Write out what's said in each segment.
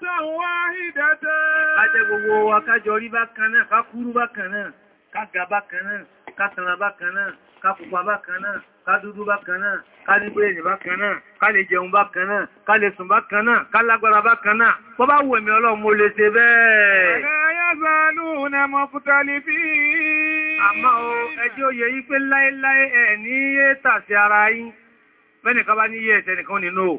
Kẹ́lìmátàn wá ìdẹ́tẹ́. Kájẹ́ gbogbo wa kájọ rí bákan náà, kákúrú bákan náà, kága bákan náà, kátanra bákan náà, kápupa bákan náà, kádúdú bákan náà, kánígbèrè bákan náà, kálè jẹun bákan náà, kálè sùn bákan náà, kálágbára bákan náà. Bọ́ bá wù ẹ̀mí Ọlọ́run mo lè ṣe bẹ́ẹ̀. Àmọ́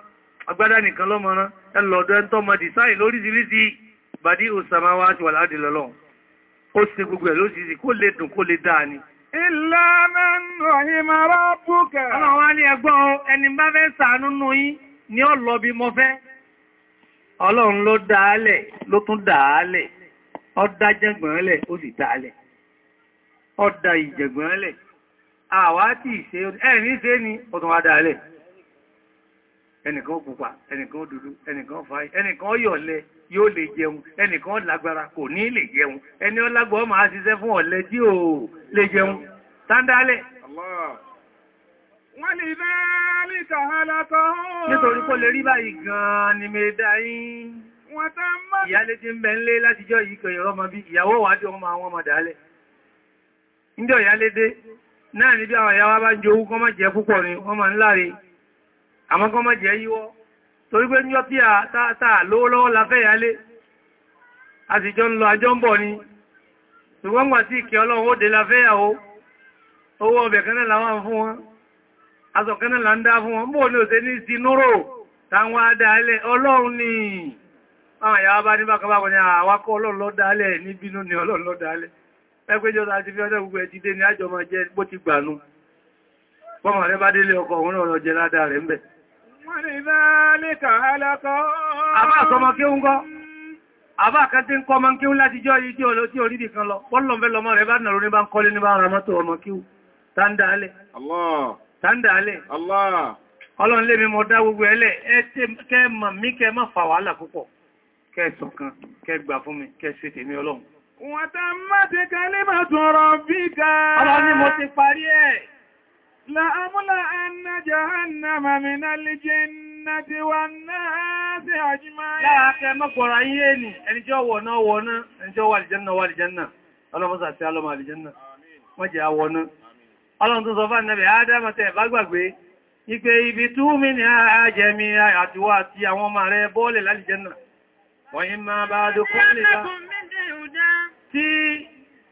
agbádá nìkan lọ́mọ̀rán ẹlọ́dọ̀ ẹntọ́ mọ̀ dìsáì lóríṣiríṣi bàdí òsàmáwá àti wà láàdì lọ́lọ́ ó sì gbogbo ẹ̀ lóṣìṣì kó lè dùn kó lè dáa ni. ìlànà ìmọ̀ rọ́pùkẹ̀. ọ̀rọ̀ wá ní ẹgbọ́n ẹni bá fẹ́ sàánú nù yín ni ó lọ bí mo fẹ́ ọlọ́run ló dáálẹ̀ ló tún dáálẹ̀ ó dá jẹ́gbọ̀nlẹ̀ ó sì dáálẹ̀ ó dá ìjẹ̀gbọ̀nlẹ̀ àwátì ìṣẹ́ ẹ̀rin ṣe ni ó tún wá dáálẹ̀ ẹnìkan pupa ẹnìkan dúdú ẹnìkan fàáyí ẹnìkan yọ̀lẹ yóò lè jẹun ẹnìkan lágbára kò ní lè jẹun ẹni ọlágbọ́ máa ṣiṣẹ́ fún ọlẹ tí ó lè jẹun tándálẹ̀ nítorí kó rí báyìí gan ni bẹ ńlé yìí bí ìyàwó ọmọ àwọn ọmọ dálẹ̀ ìyálé dé bí àwọn ìyàwó bá ń máa àmọ́ kọ́ mọ́ jẹ́ yíwọ́ torí pé ní ọpí àtàtà lówó lọ́wọ́ lafẹ́ ìyálé a sì jọ ń lọ ń bọ̀ ni ṣùgbọ́n gbà tí ìkẹ́ ọlọ́run ó dé lafẹ́ ìyàwó owó ọbẹ̀ kẹ́nà láwọn fún wọn aṣọ kẹ́nà là ń dá fún ni ni ni rẹ bá délé ọkọ̀ òun náà lọ Àbá àtọmọ kí ó ń gọ́, àbá àkàtí ń kọ́ ọmọ kí ó láti jọ yìí tí olóòtí orídì kan lọ, pọ́lọ̀ mẹ́lọ mọ́ rẹ̀ bá nàró ní bá ń kọ́lé ní bá ara mọ́tò ọmọ kí ó, tàndàálẹ̀. Allah. Tàndàálẹ̀. Allah. Ọlọ́run lé mi mọ́ dá gbogbo ẹlẹ́, kẹ́ mọ̀ mí kẹ́ má fà wàhálà púpọ̀, kẹ́ ṣọ̀kan, kẹ́ gbà fún mi, kẹ́ ṣe tèmi ọlọ́run. Wọ́n tá má ti kẹ́ lé mà tún rọ̀ bí ká. Ọlọ́run ni mo ti parí ẹ̀. لأملأن جهنم من الجنة والناس أجمعين لا كما قرأيني أن جوانا وانا أن جوا الجنة والجنة أنا فسأل سألهم wa الجنة ما جاء وانا Ọlọ́run tó sọ fún ànàbì Ádámọ̀tẹ̀ bá gbàgbé, ìpé ibi tú mi ní àjẹmi ibi àti àwọn ọmọ rẹ̀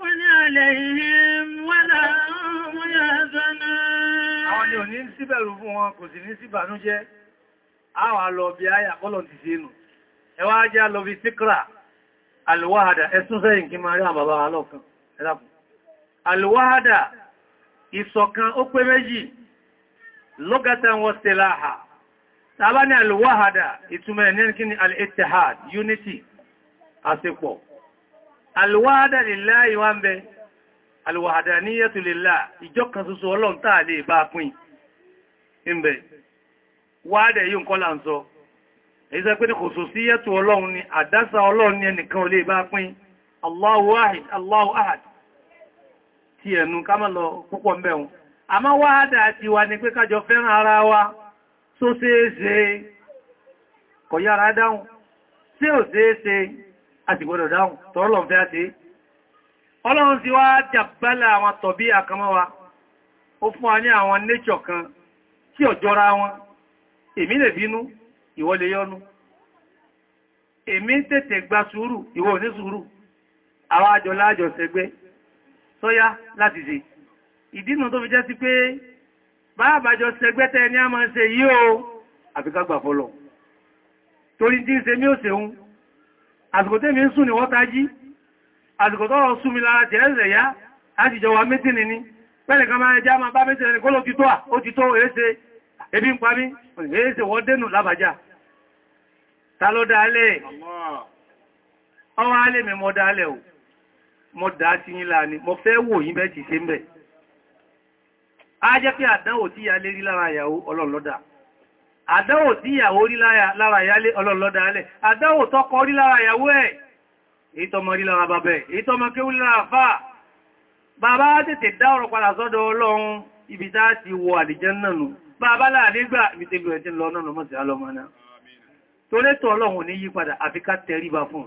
خوف عليهم ولا هم àwọn ni ò ní síbẹ̀rù fún wọn kò sì ní síbànújẹ́ àwọn àlọ́bí ayàkọ́lọ̀ ti sínú ẹwà ajá lọ bí síkra alwáhádà ẹ̀sùn sẹ́yìn kí máa rí àbàbà alọ́kan ẹ̀dàkùn alwáhádà ìṣọ̀kan ó ni unity alwada lillahi wa nbe bẹ alwahadaniyatu lillah ìjọ kan ṣoṣo olohun tàà lè bá pín ń bẹ wádẹ̀ yìí ń kọ́ là ń sọ ẹ̀yíṣẹ́ pé ní kò ni adasa olohun ni ẹnìkan ò lè bá Allahu ahad ahad ti ẹnu ká mọ́ lọ púpọ̀ mẹ́un àmọ́ wádà ti wà ní pé kájọ fẹ́ràn ara wa tó ṣeéṣe kò àti gbọ́dọ̀ dáhùn tọ́rọlọ́n fẹ́ àti ọlọ́run ti wá jàbálà àwọn tọ̀bí àkọmọ́wa ó fún wa ní àwọn nature kan tí ò jọra wọn èmi lè bínú ìwọ lè yọnu èmi tètè gba sùúrù ìwọ ò ní sùúrù àwọn àjọ láàjọ sẹgbẹ́ sọ́yá láti ṣe ìdínà tó fi jẹ́ sí pé báàbàjọ sẹgbẹ́tẹ̀ ní a máa ṣe yí o àfikàgbà fọ́lọ̀ torí tí ń ṣe mí ò ṣeun àsìkò tẹ́mi ń sùn ní wọ́n tají àsìkò tọ́rọ súnmi lára jẹ́ẹ̀rẹ̀ yá láti jọ wa mítìnì ni pẹ́lẹ̀ kan máa já máa bá mítìnì ní kóló títọ́ ó ti tó èése ebi ń parí èése wọ́n dénù lábàjá ta ló dálẹ̀ ọwọ́ alẹ́ mi mọ́ dálẹ̀ o àdáwò tí ìyàwó rí lára ìyálé ọlọ́lọ́dá alẹ́ àdáwò tọ́kọ rí lára ìyàwó ẹ̀ èyí tọ́mọ rí lára bàbẹ̀ èyí tọ́mọ kéwú lára fà bàbá tètè dá ọ̀rọ̀ padà sọ́dọ̀ ọlọ́run ibi tá ti wọ àlìjánnà nù bàbá láàrígbà ibi tẹ́lú ẹ̀ tí ń lọ náà mọ́ sí alọ́mọ́ná torétọ̀ ọlọ́run ní yípadà àfi ká tẹríba fún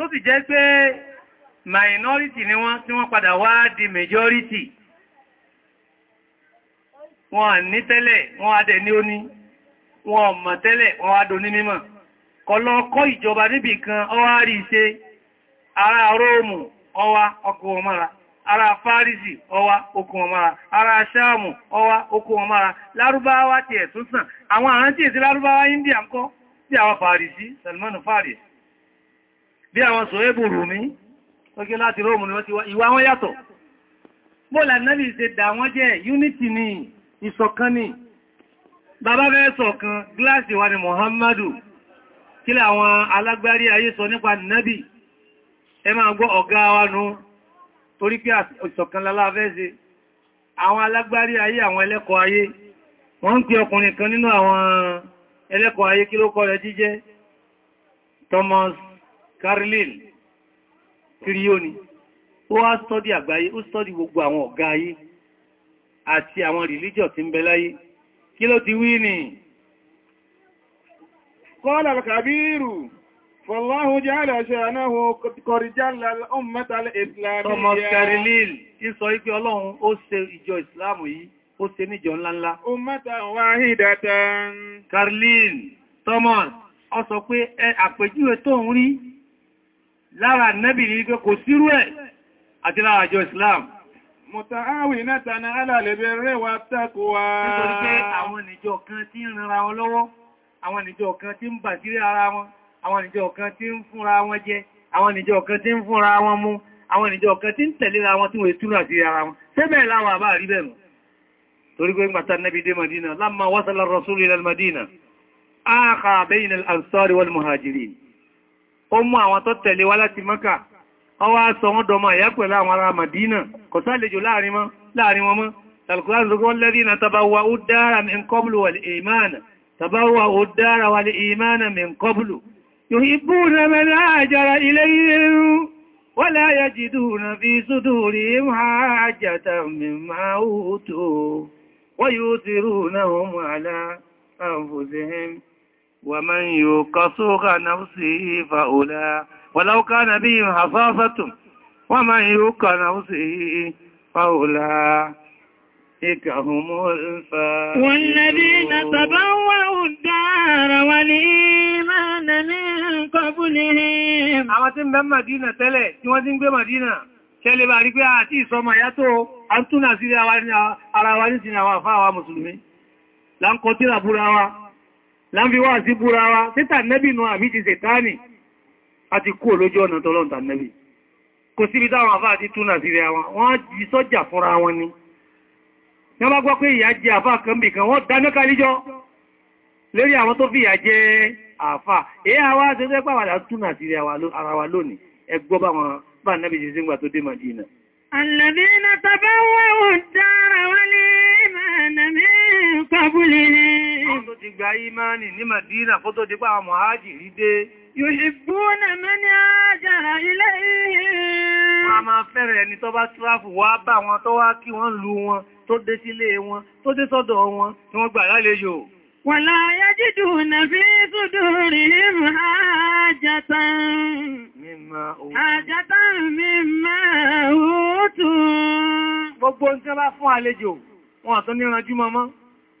tó sì jẹ́ pé minority ni wọ́n tí wọ́n padà wá di majority wọ́n ní tẹ́lẹ̀ wọ́n adẹ̀ ní ó ní wọ́n mọ̀ tẹ́lẹ̀ wọ́n adò ní mímọ̀ kọlọ́kọ́ ìjọba níbì kan ọwá rí ṣe ara róòmù ọwá ọkùn ara fárísì ọwá okùn ara sáàmù ọwá okùn wọn mara lárúbáwá ti ẹ̀tún sàn àwọn àrántí èsì lárúbáwá india ń kọ́ sí àwọn fàrísì salmanu fàrísì bí àwọn sọ ébù rùmí ókè láti róòmù ni wọ́n ti wá ìwà wọn yàtọ̀ bóòlà náàbì ṣe dà wọ́n jẹ́ unity ni ìṣọ̀kan ni bàbá fẹ́ sọ̀kan gíláàsì wa ni Muhammadu kí àwọn alágbárí ayé sọ nípa náàbì ẹ máa gbọ́ ọ̀gá wa nú torí pé ìṣọ̀kan Thomas Carlin Kirioni ó wá stọ́dí àgbáyé ó stọ́dí gbogbo àwọn ọ̀gá ayé àti àwọn rìlíjọ̀ tí ń bẹ láyé kí ló ti wí ní kọ́lá kàbírù fọ́láhù jẹ́ àrẹ̀ṣẹ́ anáhù kọrìjálà ọmọtàlẹ̀ ìsìlámi Thomas lára nẹ́bì ní pé kò sírú ẹ̀ àti lára àjọ Islam mọ̀tàáwì náta na alàlẹ̀bẹ̀ rẹwà tàkùwà nítorí pé àwọn ìjọ kan tí ń ranra wọn lọ́wọ́ àwọn ìjọ kan tí ń bàtírí ara wọn àwọn ìjọ kan tí ń fúnra wọn jẹ àwọn ìjọ kan tí ń fúnra wọn mú àwọn ìjọ kan tí ń tẹ̀léra wọn tí wọ́n ètúrò àti ara wọn ó mú àwọn tó tẹ̀lé wá láti Mọ́kà ọwá sọ wọ́n dọmọ ìyá pẹ̀lú àwọn ará Màdínà kò sálejò láàrin wọn mọ́ alkùnrin lẹ́rìnà tabawa ó dára min kọbùlù wà lè ìmáàna tabawa ó dára wà lè ìmáàna min kọbùlù yóò wọ́n yóò ti rú náà mọ́ àlá àfòsíhìn ومن يوق سوق نفسه فأولى ولو كان بهم حصاصة ومن يوق نفسه فأولئك هم الفائزون والذين تبوأوا الدار والإيمان من قبلهم àwọn tí ń bẹ Màdínà tẹ́lẹ̀ tí wọ́n ti ń gbé Màdínà tẹ́lẹ̀ bá rí pé àti ìsọmọ̀ yàtọ̀ àtúnà sí ara wa ní sinàwà fáwà mùsùlùmí láńkọ́ tí ràbúra wa láàrínwá sí búra wa títà nẹ́bì nù àbí ti sẹ̀tánì àti kú olójú ọ̀nà tọ́lọ́ntà nẹ́bì kò síbi táwọn àfáà ti túnà sí rẹ̀ wọn wọ́n jí sọ́jà fúnra wọn ni wọ́n bá gbọ́ pé ìyà jẹ àfáà kan bì kan wọ́n dáná kalíjọ́ lórí àwọn tó fi ìyà jẹ àfáà èyí àwa ṣe fẹ́ wa lónìí ẹgbọ́ bá wọn bá tó ti gba ìmáni ní Madina kó tó ti pa àwọn mọ̀hájì rí dé. Yuhibbuna man hajara ilayhim. A máa fẹ́rẹ̀ ẹni tó bá tíráfù wá bá wọn tó wá kí wọ́n lú wọn tó dé Gbogbo ń tẹ́ fún àlejò, wọn àtọ́ ní ọjọ́ mọ́mọ́.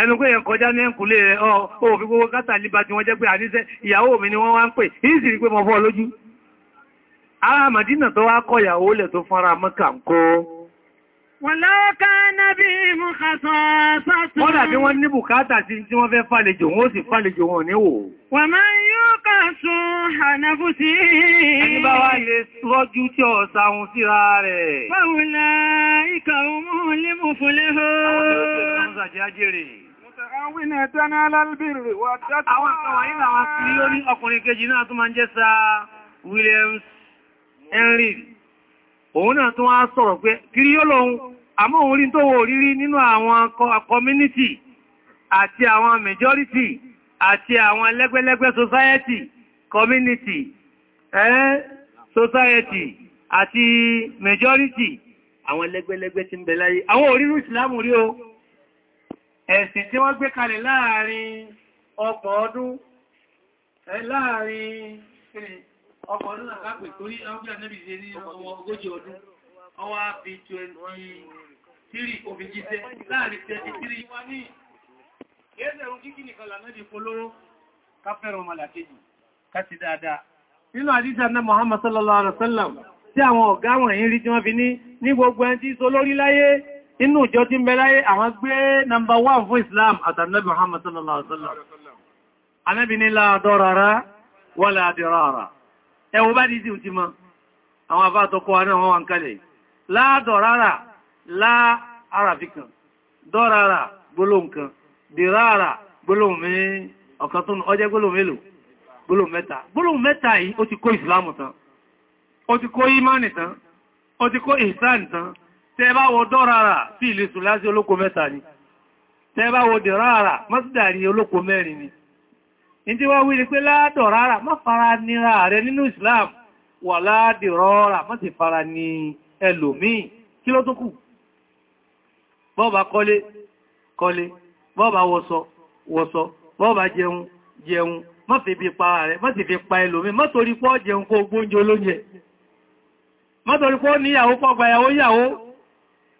ẹnu pé yẹn kọjá ní ẹ̀kùnlé rẹ̀ ọ̀ fi gbogbo kátà líba tí wọ́n jẹ́ pé àníṣẹ́ ìyàwó mi ni wọ́n wá ń pè ìsì rí pé mọ́ fọ́ lójú ara Màdínà tó wá kọ ìyàwó lẹ̀ tó fara Mọ́kà ń kó wọ́n lọ́ọ́ká náàbí mú kàtọ̀ sọ́tún wọ́n dàbí wọ́n ní bùkátà sí tí wọ́n fẹ́ fàlejò wọ́n sì fàlejò wọn níwò wọ́n máa yóò kà sún ànàbù sí ẹni bá wá lè rọ́jú tí ọ sáhun síra rẹ̀ àwínà tánà alábìrì wà tátà. Àwọn àkọwà yìí àwọn kiri ó ní ọkùnrin kejì náà tó máa ń jẹ́ sa Williams Henry. Òun náà tó wá àwọn community àti àwọn majority àti àwọn ẹlẹ́gbẹ́lẹ́gbẹ́ society, community, eh, society àti majority àwọn ẹlẹ́gbẹ́lẹ́gbẹ́ tí ń bẹ Àwọn orírù ìsìlámù rí o ẹ̀sìn tí wọ́n gbé kalẹ̀ láàrin ọgbọ̀n ọdún láàrin ọgbọ̀n ọdún àkápè torí ọgbọ̀n ànẹ́bì ṣe ní ogójì ọdún ọwá bí 23 òfin jíṣẹ́ láàrin 33 wá ní ẹ̀ẹ́sẹ̀rún kíkí nìkan lànẹ́bì polówó káfẹ́rọ màlàkejì káti dáadáa nínú àdíjà náà Muhammad sallallahu alaihi wasallam tí àwọn ọ̀gá wọ̀nyí rí tí wọ́n fi ní ní gbogbo ẹni tí so lórí láyé inú ìjọ tí ń bẹ láyé àwọn gbé number one fún Islam àtànàbí Muhammad sallallahu alaihi wasallam anábi ní láàdọ́rara wà láàdọ́rara ẹwọ bá dìí tí ma àwọn àbá àtọkọ wa náà wọ́n wọ́n kalẹ̀ láàdọ́rara láàráfikan dọ́rara tẹ́bá wo dọ́rara sí ilé sùlásí olóko mẹ́ta ni tẹ́bá wo dẹ̀rara mọ́sídàrí olóko mẹ́rin ni in tí wọ́n wí ni pé ládọ̀rara má fara nira rẹ nínú Islam wà ládìrọ́ra má sì fara ní ẹlòmíì kí ló tó kù bọ́ọ̀bá kọ́lé kọ́lé bọ́ọ̀bá wọṣọ wọṣọ bọ́ọ̀bá jẹun jẹun má fi bí pa rẹ̀ má sì fi pa ẹlòmíì má torí pọ́ jẹun kó gbóúnjẹ olóúnjẹ má torí pọ́ níyàwó pọ́ gbayàwó yàwó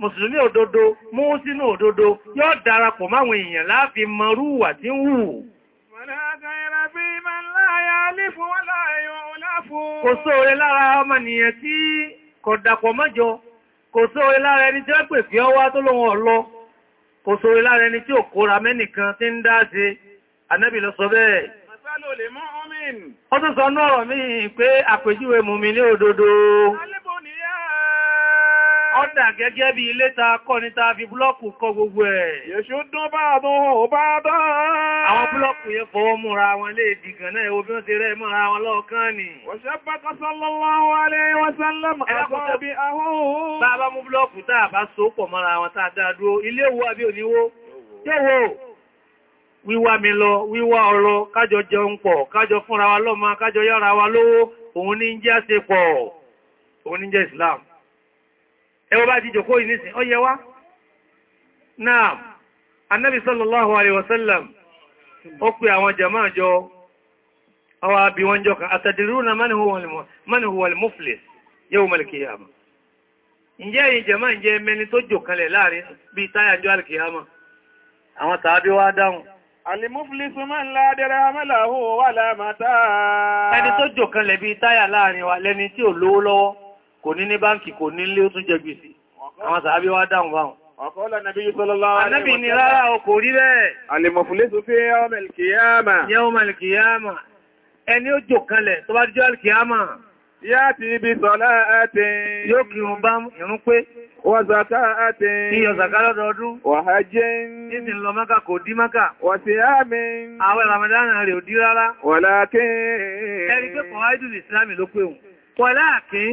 mùsùlùmí òdodo mùsínú òdodo yóò darapọ̀ máwọn èèyàn láàfi mọrúwà tí ń wù kò sóore lára ọmọnìyàn tí kò dàpọ̀ mọ́jọ kò sóore lára ẹni tí ó pè fí ọwá tó lóhun ọ̀lọ́ kò sóore lára ẹni tí ò kóra mẹ́nìkan tí ń dáṣe sọ bẹ́ẹ̀ sọ náà rọ̀ mí pé dà gẹ́gẹ́ bí ilé ta kọ́ ní ta fi gbogbo ẹ̀. bá bá dán. Àwọn fọwọ́ múra wọn lè dìgàn náà bí wọ́n ti rẹ̀ wọn ni. Wọ̀ṣẹ́ ilé wíwá mi lọ, wíwá ọ̀rọ̀, kájọ jẹun pọ̀, kájọ fúnra wa lọ́mọ, kájọ yára wa lówó, òun ní jẹ́ àṣepọ̀, òun ní ẹwọ bá jíjọ kó ìnísìn ọ yẹ wá náà annabi sallallahu alaihi wasallam ó pè àwọn jama'a jọ àwọn àbí wọn jọ kan atadruna man huwa al-muflis yawm al-qiyamah ǹjẹ́ yìí jama'a ǹjẹ́ mẹni tó jò kalẹ̀ láàrin bí táyà jọ al-qiyamah àwọn tàbí wá dáhùn al-muflis man la dirhama lahu wala mata ẹni tó jò kalẹ̀ bí táyà láàrin wa lẹni tí ò lówó lọ́wọ́ kò ní ní báǹkì kò ní lé ó tún jẹ gbèsè àwọn sàábí wá dáhùn báhùn Ọ̀kọ́lá nàbí sallallahu alaihi wasallam. Ànábì ni rárá o kò rí bẹ́ẹ̀. Àlèmọ̀fúnlé tó fi yawm al-qiyama. Yawm al-qiyama. Ẹni ó jò kanlẹ̀ tó bá jọ́ al-qiyama. Yá ti Wa zaka àti. Iyọ̀ zaka lọ́dọọdún. Wa hajjin. Ìsì ń lọ Mákà kò dí Wa siyamin. Àwẹ̀ Ramadan rẹ̀ ò dí rárá. Walakin. Ẹni pé kọ̀wáìdù Ìsìlámì ló pé òun. Walakin.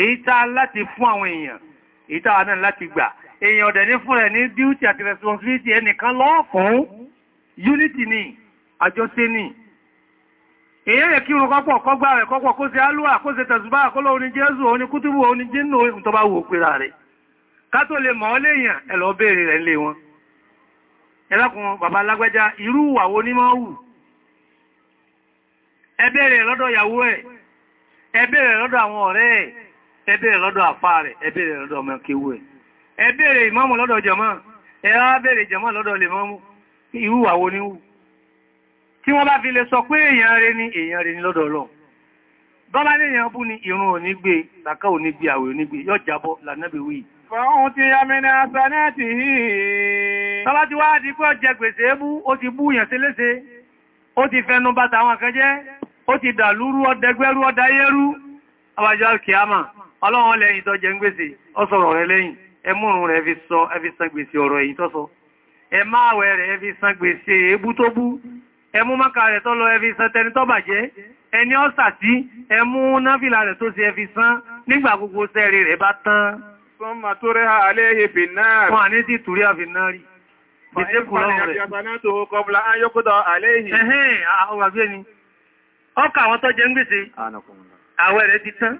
èyí tá láti fún àwọn èèyàn èyí tá náà láti gbà èèyàn ọ̀dẹ̀ ní fún ní duty àti responsibility ẹnìkan lọ́ unity ni àjọṣe ni èyàn rẹ̀ kí kọ́pọ̀ kọ́gbà rẹ̀ kọ́pọ̀ kó ṣe alúwà kó tẹ̀sùbá oní jésù oní kútùbù oní jínú rẹ̀ ká tó lè léèyàn rẹ̀ lé wọn ẹlọ́kùn bàbá lágbẹ́já irú ẹ béèrè lọ́dọ̀ àfá rẹ̀ ẹ béèrè lọ́dọ̀ ọmọ kéwú ẹ̀ ẹ béèrè ìmámù lọ́dọ̀ jàmá ẹ á béèrè jàmá lọ́dọ̀ lè mọ́mú irú àwo níwú tí wọ́n bá fi lè sọ pé èèyàn rẹ̀ ni èèyàn rẹ̀ ni lọ́dọ̀ ni ìrun ò ní gbé làkà ò ní gbé àwẹ̀ ò ní gbé yóò ti ya mẹ́rin di pé ó jẹ gbèsè ébú, ó ti bú yàn sí léṣe, ó ti fẹnu àwàjọ́ kìámà. ọlọ́wọ́ lẹ́yìn tó jẹ ń gbèsè ọsọ̀rọ̀ rẹ lẹ́yìn ẹmúrùn rẹ̀ fi sọ ẹfi san gbèsè ọ̀rọ̀ èyí tọ́sọ ẹ máa wẹ̀ rẹ̀ ẹfi san gbèsè ebú tó bú ẹmú mọ́ka rẹ̀ tọ́lọ ẹfi san tẹni tọ́ bàjẹ́ ẹni ọ́sà ẹmú náfìlà rẹ̀ tó sì ẹfi jẹ Àwẹ̀ rẹ̀ ti tán.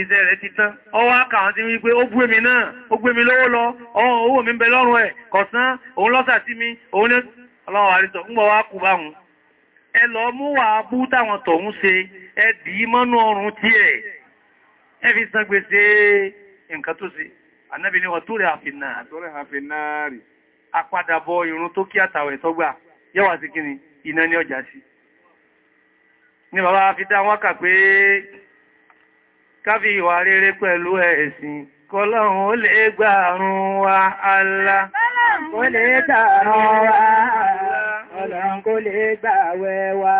iṣẹ́ ti tán ọwọ́ aka àwọn tí pé ó náà ó gbé mi lọ́wọ́ lọ ọwọ́ owó mi bẹ lọ́rùn ẹ̀ kọ̀sán òun lọ́sà sí mi òun ní ọlọ́wọ́ ń gbọ́ kú bá ẹ lọ mú wà bú táwọn tọ̀hún ṣe ẹ dì í mọ́nú ọrùn tí ẹ̀ ẹ fi san gbèsè nǹkan tó ṣe tó rẹ̀ káfí ìwà rere pẹ̀lú ẹ̀sìn kọlọ́run ó lè gbàrún wa Allah ó lè gbàrún wa ọlọ́run kó lè gbàwẹ̀ wa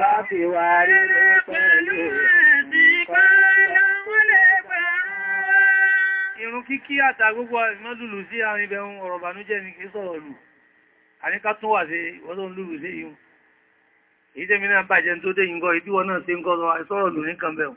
káfí ìwà rere pẹ̀lú ẹ̀sìn kọlọ́run ó lè gbàrún wa irun kíkí àtà gbogbo ni kìí sọ̀rọ̀ lù àníká tún wà sí wọ́n tó ń lùrù sí yìí ìdẹ́mìnà bàjẹ́ tó dé yìí ń ìdíwọ́ náà sí ń gọ́ sọ́rọ̀ lù ní kan bẹ̀rún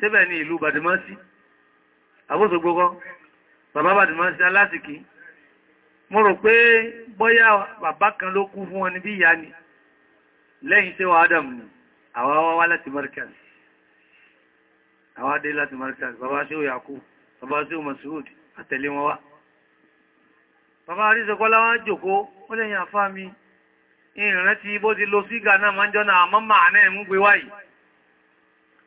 síbẹ̀ ní ìlú Badimasi àbóṣogbogbo bàbá Badimasi alásìkí mo rò pé bóyá bàbá kan ló kú fún wọn ní bí ìyá ni lẹ́yìn tí wà Adam ni àwa wá láti Markaz àwa dé láti Markaz bàbá sí ò Yakub bàbá sí ò Masud àtẹ̀lé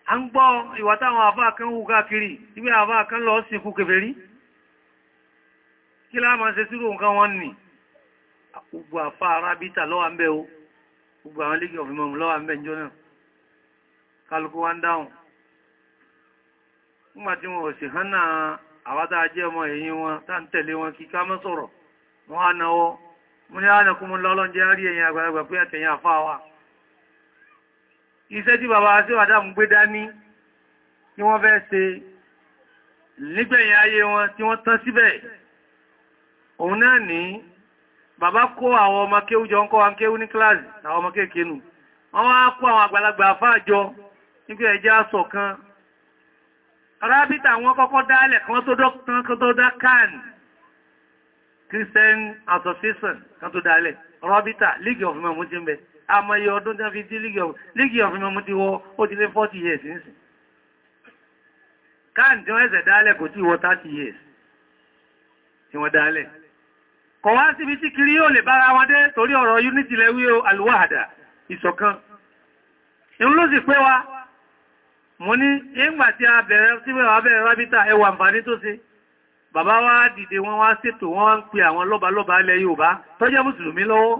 a ń gbọ́ ìwà táwọn àfáà kan hù káàkiri ìwé àfáà kan lọ sínkú kèfèrí kí láàmà ṣe sírò nǹkan wọn nì gbogbo àfáà arábítà lọ́wà ń bẹ́ o gbogbo àwọn lẹ́gbẹ̀ ọ̀fìmọ̀ lọ́wà ń bẹ́ jọ náà kálukú wá ń dáhùn nígbà tí wọn ò sì hán náà àwátá jẹ́ ọmọ èyí wọn tá ń tẹ̀lé wọn kí ká mọ́ sọ̀rọ̀ wọn á náwọ́ mo ní àwọn ọkùnrin iṣẹ́ tí bàbá sí àdámù gbé dání tí wọ́n fẹ́ ṣe nígbẹ̀yìn ayé wọn tí wọ́n tán síbẹ̀ òun náà ní bàbá kó àwọn ọmọ kéwú jọ ń kọ́ wa kéwú ní kíláàsì àwọn ọmọ kéèkénù wọ́n wá kó àwọn àgbàlagbà àfáàjọ nígbé ẹjẹ́ aṣọ kan rábítà wọn kọ́kọ́ dálẹ̀ kan tó dọ́kan kan tó dá kan Christian Association kan tó dálẹ̀ rábítà League of Men mú àmọye ọdún tí wọ́n fi dí league of league of ìmọ̀mú ti wọ ó ti lé 40 years nísìn káàdì tí wọ́n ẹ̀sẹ̀ dálẹ̀ kò tí wọ 30 years tí wọ́n dálẹ̀ kọ̀ wá síbi tí kiri yóò lè bára wọn dé torí ọ̀rọ̀ unity lẹ́wí alùwàdà ìṣọ̀kan inú wa mo ní ìgbà tí a bẹ̀rẹ̀ síbẹ̀ wà bẹ̀rẹ̀ rábítà ẹwà àǹfààní tó ṣe bàbá wa dìde wọn wá ṣètò wọn ń pe àwọn lọ́balọ́ba ilẹ̀ Yorùbá tó mùsùlùmí lọ́wọ́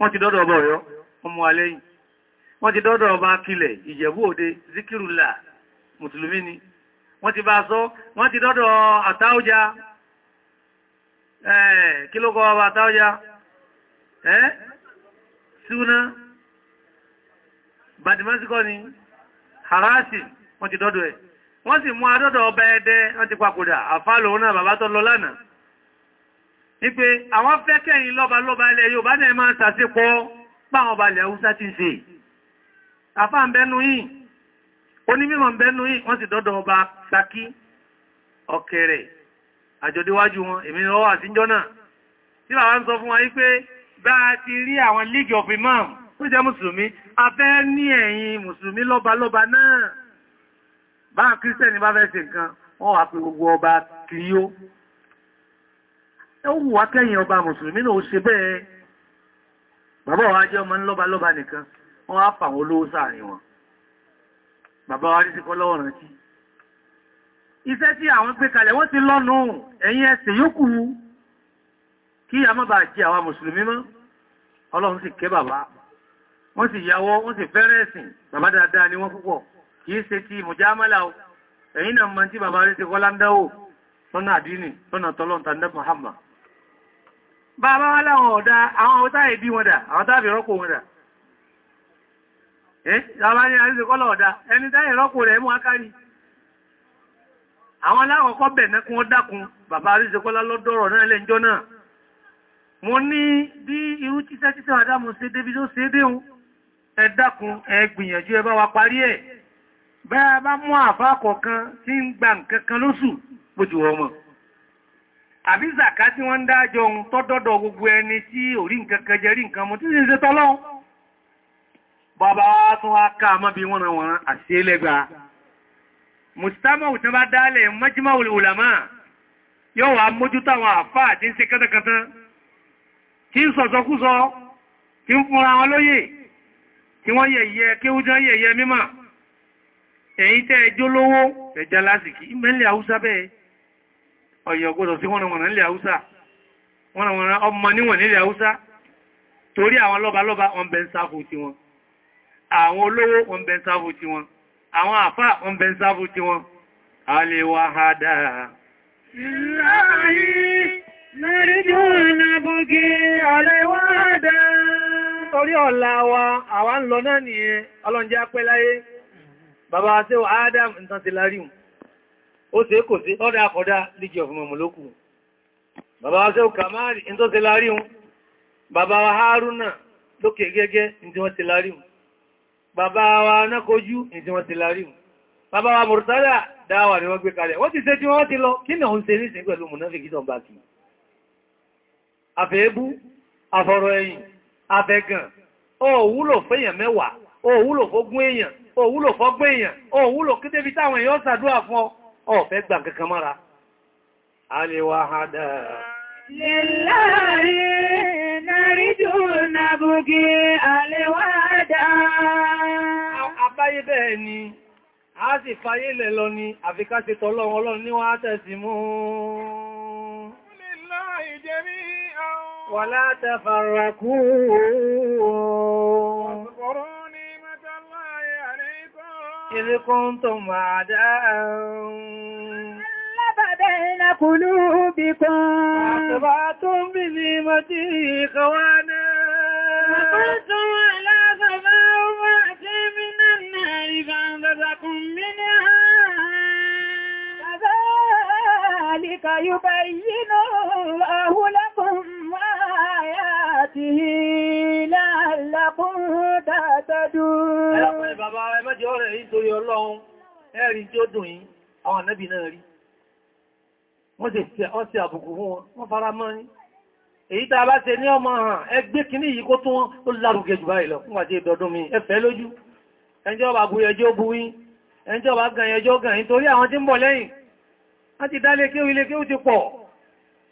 wọ́n ti dọ́dọ̀ ọba ọ̀yọ́ ọmọ alẹ́yìn wọ́n ti dọ́dọ̀ ọba akilẹ̀ ìjẹ̀bú òde zikirula mùsùlùmí ni wọ́n ti bá sọ wọ́n ti dọ́dọ̀ àtáójá ẹ̀ẹ́ kí ló kọ ọba àtáójá ẹ́ súná bàdìmọ́síkọ́ ni harasi wọ́n ti dọ́dọ̀ ẹ̀ wọ́n sì mú adọ́dọ̀ ọba ẹdẹ wọ́n ti papòdà àfálòun náà bàbá tó lọ lánàá wípé àwọn fẹ́kẹ́yìn lọ́balọ́ba ilẹ̀ Yorùbá náà máa sàṣepọ̀ páwọn balẹ̀ Haúsá ti ṣe àfá ń bẹnu yìí onímọ̀ ń bẹnu yìí wọ́n sì dọ́dọ̀ ọba Ṣakí Ọ̀kẹ̀rẹ̀ àjọdíwájú wọn èmi lọ́wọ́ àtijọ́ náà tí bàbá ń sọ fún wa wípé bá a ti rí àwọn League of Imam tó jẹ́ mùsùlùmí a fẹ́ ní ẹ̀yìn mùsùlùmí lọ́balọ́ba náà bá kírísítẹ̀ni bá fẹ́ ṣe nǹkan wọ́n wà pé gbogbo ọba ó wù wá kẹ́yìn ọba mùsùlùmí náà ó ṣe bẹ́ẹ̀ bàbá wa jẹ́ ọmọ ńlọ́ba lọ́ba nìkan wọ́n á fà wọn olówó sáàrin wọn bàbá wa rí sí kọ́ lọ́wọ́ rántí iṣẹ́ tí àwọn gbé kalẹ̀ wọ́n ti lọ́nu ẹ̀yìn ẹsẹ̀ yókù kí a má bàá jẹ àwọn mùsùlùmí mọ́ ọlọ́run sì kẹ́ bàbá wọ́n sì yàwọ́ wọ́n sì fẹ́rẹ̀ ẹ̀sìn bàbá dáadáa ni wọ́n púpọ̀ kì í ṣe ti mùjámálà ẹ̀yìn náà mọ́ tí bàbá rí sí kọ́lá ń dáwò lọ́nà àdínì lọ́nà tọ́lọ́ntà Muhammad bàbá wá láwọn ọ̀dá àwọn ọ̀tá ìbí wọn dà àwọn tàbí rọ́pò wọn dà eh bàbá ní àríṣẹ́ kọ́lọ̀ ọ̀dá ẹni táyì rọ́pò rẹ̀ mú akárí àwọn aláwọ̀kọ́ bẹ̀ mẹ́kún ó dákun bàbá àríṣẹ́ kọ́lá lọ́dọ̀rọ̀ náà lẹ́jọ́ náà mo ní bí irú títẹ́ títẹ́ àdámù sí débi tó sí déhun ẹ dákun ẹ gbìyànjú ẹ bá wa parí ẹ̀ bẹ́ẹ̀ bá tàbí zàká tí wọ́n ń dájọ ohun tó dọ́dọ̀ gbogbo ẹni tí orí nǹkan kẹjẹ rí nǹkan mú tí ní ṣe tọ́lọ́un bàbá wá tún wá ká mọ́ bí wọ́n wọn àṣẹ lẹ́gbà mùsùtámọ̀ òtún bá dálẹ̀ mọ́jímọ̀ olùlàmà yóò wá mójútó àwọn àfáà tí ń ṣe kẹ́tẹ̀kẹ́tẹ́ tí ń sọ̀sọkúsọ tí ń fúnra wọn lóyè ọ̀yọ̀ gbọ́dọ̀ sí wọ́n wọ̀n nílẹ̀ haúsá wọ́n wọ̀n ọmọ níwọ̀n nílẹ̀ haúsá torí àwọn lọ́balọ́ba wọn bẹ̀ ń sáfò tí wọn àwọn olówó wọn bẹ̀ ń sáfò tí wọn àwọn àfá wọn bẹ̀ ń sáfò tí wọn àlewà hádà torí ọ̀la wa àwa ń lọ náà nìyẹn ọlọ́njẹ́ apẹ́ láyé bàbá wa sí Adam nǹkan ti láríhùn ó ṣe kò sí ọ́dá akọ̀dá líjì ọ̀fún ọmọ lókù bàbá wa ṣe òkà márì ní tó ṣe lárí hun bàbá wa Haruna lókè gẹ́gẹ́ ní wọ́n ti bàbá wa nákojú ní tí wọ́n ti bàbá wa Murtala dáwà ni wọ́n gbé kalẹ̀ wọ́n ti ṣe tí wọ́n ti lọ kí náà ń ṣe ní ìsìn pẹ̀lú mùnáfíkì tó ń bá kì àfẹ́ébú àfọ̀rọ̀ ẹ̀yìn àfẹ́gàn ó wúlò fẹ́yàn ọ̀fẹ́ gbà kankan mọ́ra alẹ́wà hádà lẹ́láàrí nárídù nàbùgí alẹ́wà hádà àbáyé bẹ́ẹ̀ ni a sì fayé lẹ̀ lọ ni àfikáṣe tọ́lọ́run ọlọ́run ní wọ́n á tẹ̀sí mú Wàlá tẹfàràkú ooo. إذ كنتم أعداء بين قلوبكم وأصبعتم بنعمته إخوانا وكنتم على سبع أمرات من النار فأنبتكم منها كذلك الله لكم بسنته لعلكم تهتدون ẹ̀rọ bàbá ẹ má jẹ́ ọ̀rẹ́ yìí torí Ọlọ́run ẹ̀rí tí ó dùn yìí àwọn ànábì náà rí wọ́n sì ọ̀sẹ̀ àbùkù fún wọn wọ́n fara mọ́ ní èyí tàà bá ṣe ní ọmọ hàn ẹgbẹ́ kìíní yìí kó tún ó lárugẹ jù báyìí lọ fún àti ìdọ̀dún mi ẹfẹ́ lójú ẹjọ́ bá bú ẹjọ́ bú yín ẹjọ́ bá gan ẹjọ́ gan yín torí àwọn tí ń bọ̀ lẹ́yìn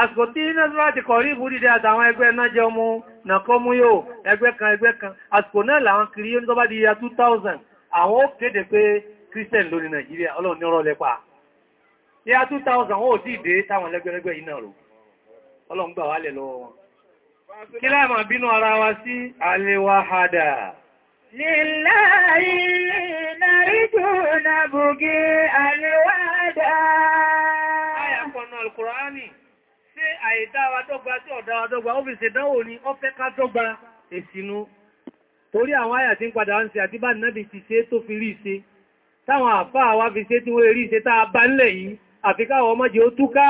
àsìkò tí nẹ́sùlá ti kọ̀rí ìbúdídé àtàwọn ẹgbẹ́ náà jẹ ọmọ nàkọ́ mú yóò ẹgbẹ́ kan ẹgbẹ́ kan àsìkò náà làwọn kiri yóò ní tó bá di ya 2000 àwọn ó kéde pé Christian lórí Nàìjíríà Ọlọ́run ní ọ̀rọ̀ lẹ́pa ya 2000 wọ́n ò tí ìdé táwọn lẹ́gbẹ́lẹ́gbẹ́ yìí náà rò Ọlọ́run gbà wálẹ̀ lọ́wọ́ wọn kí láàmà bínú ara wa sí alewahada Líláàrí nàríjù nàbùgí alewahada Ayàkọ̀nà Al-Kùránì àìdáwà dọ́gba tí ọ̀dáwà dọ́gba ó fi ṣèdánwò ní ó fẹ́ ká dọ́gba èsìnú torí àwọn àyà tí ń padà ń ṣe àti bá nábi ti ṣe tó fi rí ṣe táwọn àfáà wá fi ṣe tí wọ́n rí ṣe táa bá nílẹ̀ yìí àfi káwọn ọmọdé ó túká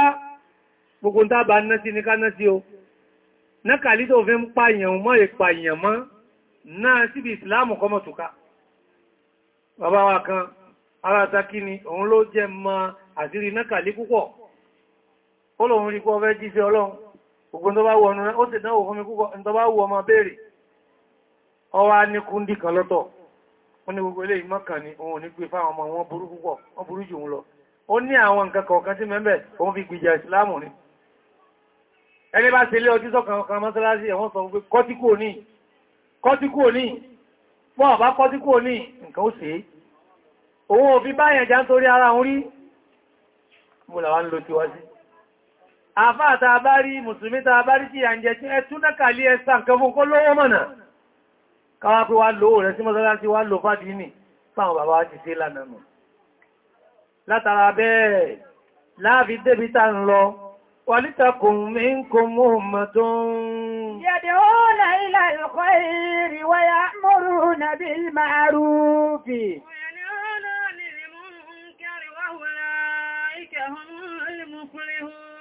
gbogbo ń tábà ná sí ní káná sí o nákàlí tó fi ń pààyàn mọ́ ìpààyàn mọ́ náà síbi ìsìláàmù kọmọ̀ túká bàbá wa kan ara takí ni òun ló jẹ́ mọ àṣírí nákàlí púpọ̀ ó lòun rí pọ́ fẹ́ jíṣẹ́ ọlọ́run ogun tó bá wọ ọ̀nà ó sì ni òun ní gbé fáwọn ọmọ wọn burú púpọ̀ wọ́n burú jù ú lọ ó ní àwọn nǹkan kọ̀ọ̀kan tí mẹ́mẹ́ òun fi gbìjà ìsìláàmù ni ẹni bá ṣe lé ọtí sọ́kàn kan mọ́sálásí ẹ̀wọ́n sọ pé kọ́tíkù òní kọ́tíkù òní pọ́ ọ̀bá kọ́tíkù òní nǹkan ó ṣe é òun òfin báyẹn jà ń torí ara òun rí mo ń lo tiwa sí àfá ta bá rí mùsùlùmí ta bá rí tí a ń jẹ tí ẹ túnná kàlí ẹsà nǹkan fún kó lówó mọ̀nà káwá pé wá lówó rẹ̀ sí mọ́sálásí wá lò fàdí nì fáwọn bàbá ti sí lánàmù látara bẹ́ẹ̀ láàfi débi tá ń lọ wàlítàkùn mí ń kò mú ọmọ tó ń yẹ̀dẹ̀wọ́nà ilà ìlọ́kọ́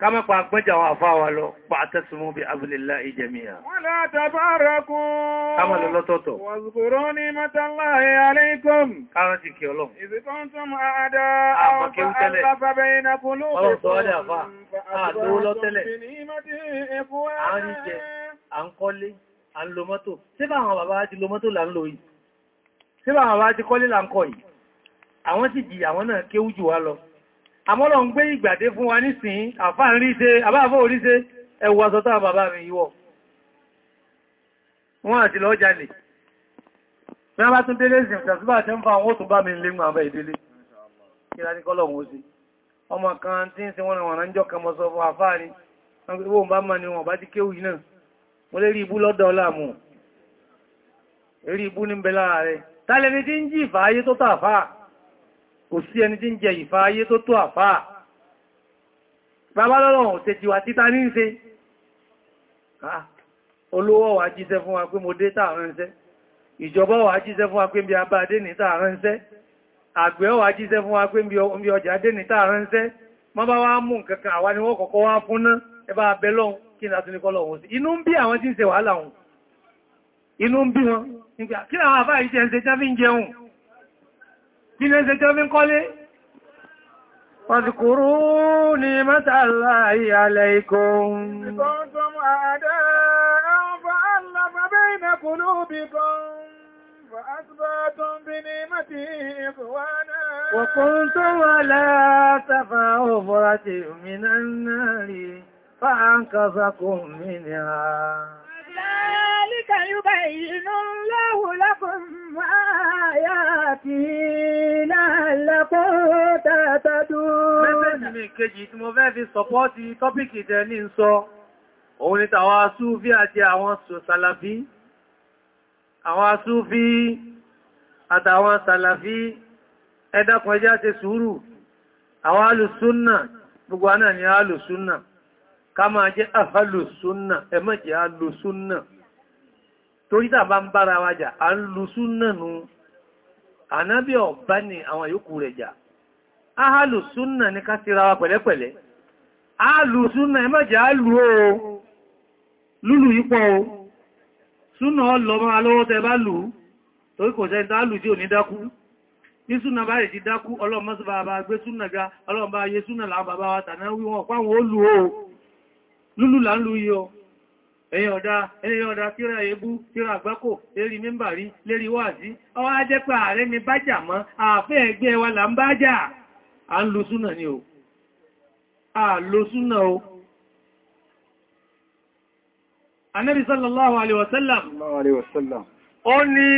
kama pa gbeja wa fa wa lo pa tasmu bi ablillahi jami'a wala tabarraku kama lo lo toto wa zkuru ni'matallahi alaykum kama ti ki Ọlọ́hun ibi kuntum aada aw fa bayna qulubikum Ọlọ́hun so ada fa a do lo tele ni'mati je an kọ́lé an lo mọ́tò ṣé bá àwọn bàbá ti lo mọ́tò là ń lò yìí ṣé bá àwọn ti kọ́lé là ń kọ́ yìí àwọn sì jì àwọn náà kéwú jù wá àmọ́lọ̀ ń gbé ìgbàdé fún wa nísìn àfáà rí ṣe àbáàfó orí ṣe ẹwà sọtá bàbá mi yíwọ̀ wọ́n àti lọ jalè bí wọ́n bá tún délé sí ìtàṣíbà tí ń fa àwọn òtún bá mi lé mú àbẹ́ ìdélé kí láti kọ́lọ̀ wọ́n sí ọmọ kan tí ń sin wọ́n rìnwọ̀n ni wọ́n bá mọ́ ni ti ń jí ìfàáyé tó tàfáà kò sí ẹni tí ń jẹ ìfà ayé tó tó àfáà bàbá lọ́rọ̀ ọ̀sẹ̀ jìwà títà ní ṣe olówó wà jíṣẹ́ fún wa pé mo dé tààránṣẹ́ ìjọba wà jíṣẹ́ fún wa pé bí abá dé ní tààránṣẹ́ àgbẹ̀ wà jíṣẹ́ fún wa pé bí ọjà dé ní tààránṣẹ́ ma bá wá mú nǹkankan àwa ni wọ́n kọ́kọ́ wá fún ná ẹbá bí ní ẹsẹ̀ tí ó fi ń kọ́lé Fàtíkúrú ní mẹ́tàlá ìyàlẹ̀ ikun. Ìtọ́ntọ́m àdá ẹ̀hùn fa aláfà bẹ́ ìnàkùnú bí kan, fa asibátún bí ní mẹ́tì ìfòwánà. Wọ̀kún ti òmìnà náà ń kásàkùn mìnira. Láàríkà yóò آياته لعلكم تهتدون Mẹ́sẹ̀jì mi kejì tí mo fẹ́ fi sọpọ́tì tọ́pìkì tẹ ní sọ, òun ni tàwọn asúfí àti àwọn sàlàfí, àwọn asúfí àtàwọn sàlàfí ẹ dákun ẹ sùúrù, àwọn alùsúnnà, gbogbo náà ni alùsúnnà, ká máa jẹ́ àfàlùsúnnà, ẹ má jẹ́ alùsúnnà. torí tàbá ń bára jà a ń lu súnnànú ànábí ọ̀bá ni àwọn yòókù rẹ̀ jà áhàlù súnnà ní ká ti wa pẹ̀lẹ́pẹ̀lẹ́ áhàlù súnnà ẹmọ́jẹ́ áhàlù o lúlù yípo o súnnà ọlọ́mọ́ alówó tẹ bá lù torí kò sẹ́ni táàlù tí ò ní dákú ní súnnà bá rẹ̀ ti dákú ọlọ́mọ́ ẹ̀yìn ọ̀dá ẹ̀yìn ọ̀dá tíra ebú tíra àgbákò lérí mímbàrí lérí wáàzí ọwá jẹ́ pé ààrẹ ni bájà mọ́ àfẹ́ ẹgbẹ́ wa là ń bájà à ń lo súnà ni o à lo súnà o anábi sallallahu alaihi wasallam ó ní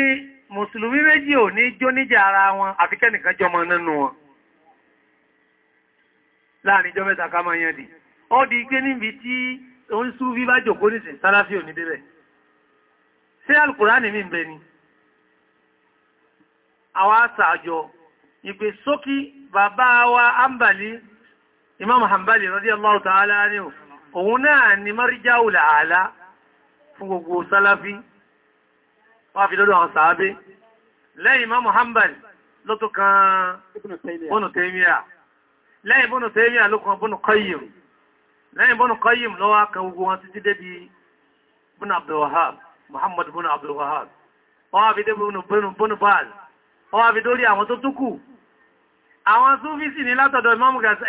mùsùlùmí méjì ò ní jó níjà ara wọn àfikẹ́nìkan jọmọ nínú wọn láàrin jọ mẹ́ta ká máa yẹn dì ó orí súfí bá jòkó nìsìn sáláfí ò ní bẹ́bẹ̀ ṣé alkùránì mi ń bẹ ni àwọn àṣàjọ ìpè sókí bàbá wa ámbàlì imam hanbali radiyallahu ta'ala ni òun náà ni marija ulàálá fún gbogbo sáláfí wọ́n fi lọ́dọ̀ àwọn imam hanbali ló kan bọ́nù tẹ́míà lẹ́yìn bọ́nù tẹ́míà ló kan bọ́nù lẹ́yìn bọ́nù Qayyim lọ́wọ́ kan gbogbo wọn títí débi bọ́nù Abdulwahab Muhammad bọ́nù Abdulwahab wọ́n wá fi dé bọ́nù Baz wọ́n wá fi dórí àwọn tó túkù àwọn súnfí sì ní látọ̀dọ̀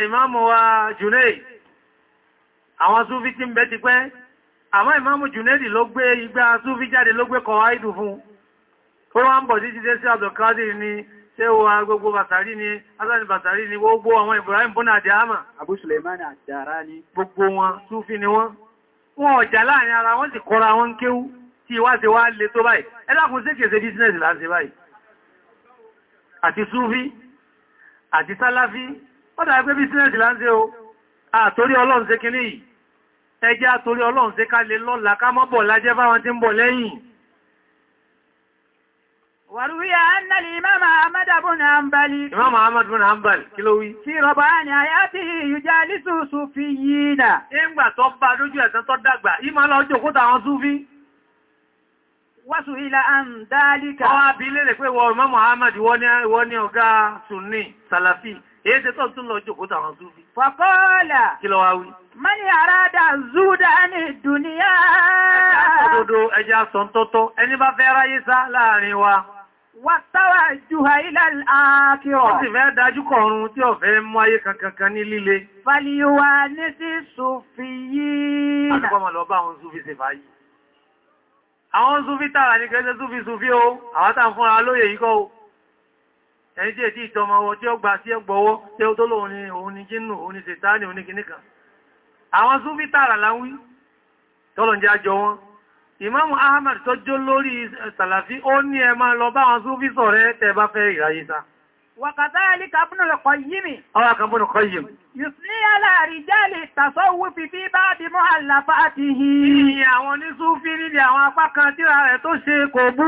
ìmáàmù wa Junayd àwọn súnfí tí ń bẹ ti pẹ́ àmọ́ ìmáàmù Junayd ló gbé igbá súnfí jáde ló gbé kọ̀wá ìdù fún ó ṣé o wa gbogbo bàtàrí ni azani bàtàrí ni gbogbo àwọn Ibrahim bọ́nà àdìámà Abu Suleiman àdàrá ni gbogbo wọn Súfí ni wọ́n wọn ọ̀jà láàrin ara wọ́n sì kọ́ra wọn kéwú tí wá ṣe wá lè tó báyìí ẹlákùn sí kèsè business láti báyìí àti Súfí àti Sálàfí wọ́n dà pé business وروي أن الإمام أحمد بن حنبل إمام أحمد بن حنبل كلوي في ربان حياته يجالس صوفيين إنبا تبا دوجو أتنطدق إما لو جوكوت عن صوفي wọ́sù ilá an dálíkà. Wọ́n á bí lélẹ̀ pé wọ́n mọ́ Muhammad wọ́n ní ọ̀gá Sunni, wá wí? Mọ́ni àrádà zúdá wà táwà jùhà ilẹ̀ àkírọ̀. Ó sì mẹ́ dájú kọrùn tí ó fẹ́ mú ayé kankankan ní líle. Fàlíwà ní sí Sùfì yìí. Àdúgbọ́ mọ̀ lọ bá àwọn Sùfì ṣe fàáyì. Àwọn Sùfì tààrà ní kẹ́sẹ́ Sùfì Sùfì o, àwọn tàà fúnra lóye yìí kọ́ o. Ẹni tí èdí ìtọmọ wọn tí ó gbà sí ẹgbọ̀wọ́ tí ó tó lóun ni òun ni jínú, òun ni sètáni, òun ni kìníkan. Àwọn Sùfì tààrà láwí, tọ́lọ̀ ń jẹ́ àjọ wọn ìmáàmù ahmad tó jó lórí sàlàfí ó ní ẹ máa lọ bá wọn súnfí sọ̀rẹ́ tẹ bá fẹ́ ìráyíta wàkàtà alìkà búnà lọ́kọ̀ yìí mi ọwọ́ àkàbúnà kọ yìí mi yùsùlí aláàrìjáàlì tàṣọ́wù fífí bá di mọ́ àlàfà àti hìí àwọn ní súnfí níbi àwọn apá kan tíra rẹ̀ tó ṣe kò bú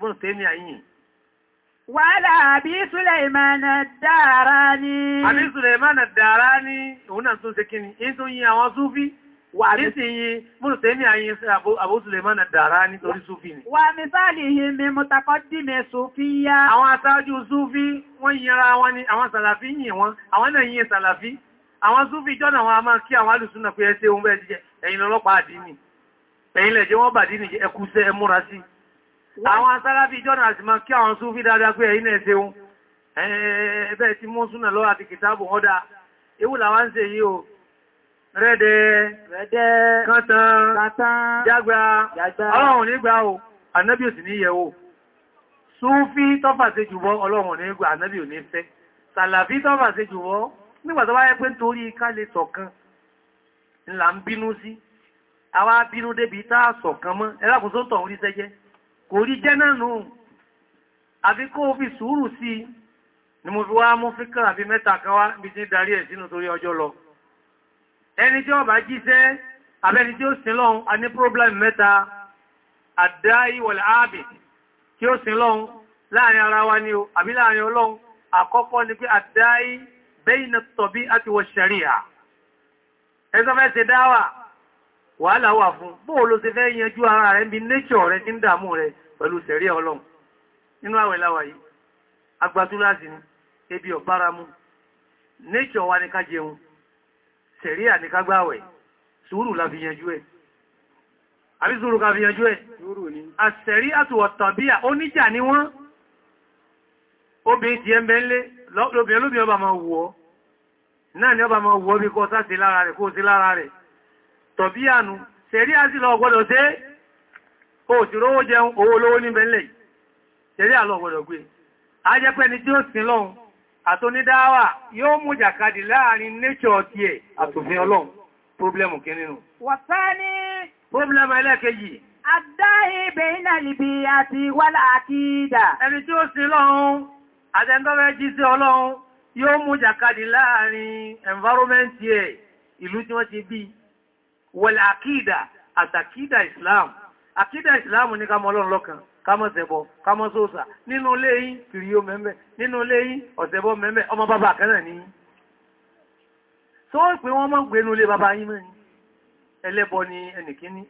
bọ́n tèmi àyìn wàhálà àbí Sùlẹ̀mánà Dàrání àbí Sùlẹ̀mánà Dàrání òun náà tún ṣe kí ni in tó yin àwọn súfí wà rí sí yin múrù tèmi àyìn àbó Sùlẹ̀mánà Dàrání torí súfí ni wà mìsáàlì yìí mi mú takọ́ dìmẹ̀ súfí yá àwọn aṣáájú súfí wọ́n yinra wọn ni àwọn sàlàfí yìn wọn àwọn náà yin sàlàfí àwọn súfí jọ́nà wọn a máa kí àwọn alùsùnà pé ẹ ṣe ohun bẹ́ẹ̀ ẹ̀yin lọ́lọ́pàá àdínì ẹ̀yin lẹ̀jẹ́ wọ́n bàdínì ẹkùsẹ́ ẹmúra àwọn asálábí jọ́nà àti máa kí àwọn súnfí dáadáa pé ẹ̀yìn ẹ̀ṣẹ́ ohun ẹ̀ẹ́bẹ́ tí mọ́ súnà lọ́wọ́ àti kìtàbù ọ́dá ewu làwọn ń ṣe yí o rẹ́dẹ́ kọ́tán jágbá ọlọ́run nígbà o ànábì ò sì ní yẹ̀wò súnfí tọ́fà sí jùbọ́ ọlọ́run nígbà ànábì ò ní fẹ́ sàlàfí tọ́fà sí jùbọ́ nígbà tó bá yẹ pé nítorí ká lè ṣọ̀kan ńlá ń bínú sí àwa bínú débi tá a ṣọ̀kan mọ́ ẹlákùn sótọ̀ orí kò rí jẹ́ náà nù àbí kó fi sùúrù sí ni mo fi wá mú fíkà àbí mẹ́ta kan wá bí ti darí ẹ̀ sínú torí ọjọ́ lọ ẹni tí ó bá jíṣẹ́ abẹni tí ó sin lọ́hun a ní problem mẹ́ta àdáyí wọ̀lẹ̀ ààbì kí ó sin lọ́hun láàrin ara wa ni o àbí láàrin ọlọ́hun àkọ́kọ́ ni pé àdáyí bẹ́yìn tọ̀bí àti wọ̀ ṣẹ̀ríà ẹzọ́fẹ́ ṣe dáwà wàhálà wà fún bóò ló ṣe fẹ́ yanjú ara rẹ̀ bí nature rẹ̀ tí ń dààmú rẹ̀ pẹ̀lú sẹ̀rí ọlọ́run nínú àwẹ̀ láwà yìí agbátúláàsì ni ebi ọ̀bára mú nature wa ní ká jẹun sẹ̀rí àníkágbàwẹ̀ sùúrù la fi yanjú ẹ̀ àbí sùúrù ká fi yanjú ẹ̀ àsẹ̀rí àtùwọ̀tàbíà oníjà ni wọ́n obìnrin ti ẹmbẹ̀ ńlé lóbìnrin ọba máa wù ọ́ náà ni ọba máa wù ọ́ bí kọ́ sá sí lára rẹ̀ tọ̀bí ànú ṣẹ̀rí àsìlọ ọgbọ́dọ̀ tẹ́ òṣìrò owó jẹun owó olówó níbẹ̀ lẹ̀ ṣẹ̀rí àlọ ọgbọ́dọ̀ gbé e. a jẹ́ pẹ́ni tí ó sin lọ́hun àtọ́nídáwà yóò mú jàkadì láàrin problem environment ti ìlú tí wọ́n ti bí wọ̀làkídà àtàkídà islam àkídà islam ní ká mọ Ọlọ́run lọ́kan ká mọ́ ṣẹbọ ká mọ́ sóòsà nínú ilé yín kìrìyó mẹ́mẹ́ nínú ilé yín ọ̀ṣẹbọ mẹ́mẹ́ ọmọ bàbá kan náà ní tó pé wọ́n mọ́ gbénú ilé bàbá yín mẹ́rin ẹlẹ́bọ ni ẹnìkíní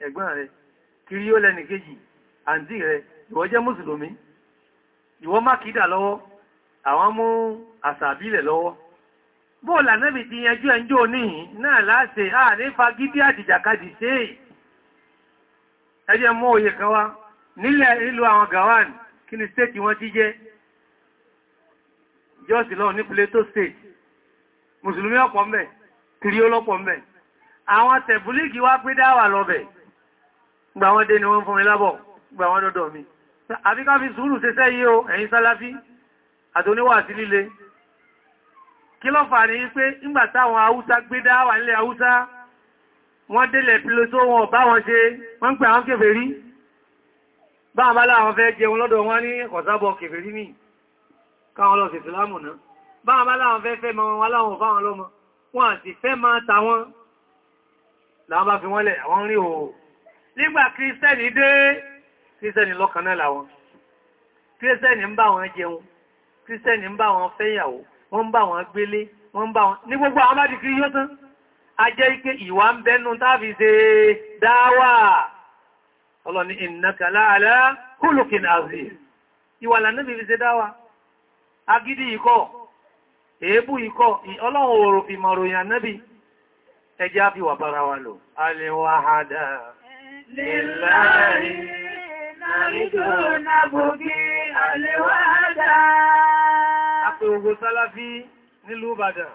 bóòlà nẹ́bì ti yanjú ẹnjọ́ ní náà láàṣẹ ààrẹ fagídí àtìjàkadì ṣe ẹjẹ́ mọ́ òye kan wá nílẹ̀ ìlú àwọn gawan kí ni state wọ́n ti jẹ́ jọ́sì lọ ní Plateau state mùsùlùmí ọ̀pọ̀ mẹ́ kiri ọlọ́pọ̀ mẹ́ àwọn tẹ̀bùlíkì wá pé dáwà lọ́bẹ̀ gbà wọ́n dé ni wọ́n fún mi lábọ̀ gbà wọ́n dọ́dọ̀ mi àbíká fi sùúrù ṣe sẹ́yí o ẹ̀yin sáláfí àtòníwà sí líle kí ló fà ní pé nígbà táwọn haúsá gbé dáwà nílẹ̀ haúsá wọ́n délẹ̀ piloto wọn bá wọn ṣe wọ́n ń pè àwọn kèfèrí bá àbá láwọn fẹ́ jẹun lọ́dọ̀ wọn ní ọ̀sábọ̀ kèfèrí mi káwọn lọ sèsì láàmù náà bá àbá láwọn fẹ́ fẹ́ ma wọn láwọn fáwọn lọ́mọ wọn àti fẹ́ máa ta wọn ń bá wọn jẹun kírísẹ́nì ń bá wọn fẹ́yàwó wọ́n bá wọn gbélé wọ́n bá wọn ní gbogbo àwọn máa yóò tán a jẹ́ ike ìwà ń bẹnu tàbí ṣe dáwà ọlọ́ni ìnàkàlá alá kúlùkìn àzì ìwà lànà ṣe dáwà agídí ikọ́ èébú ikọ́ ọlọ́run òòrò pé ogo sáláfí nílùú Ìbàdàn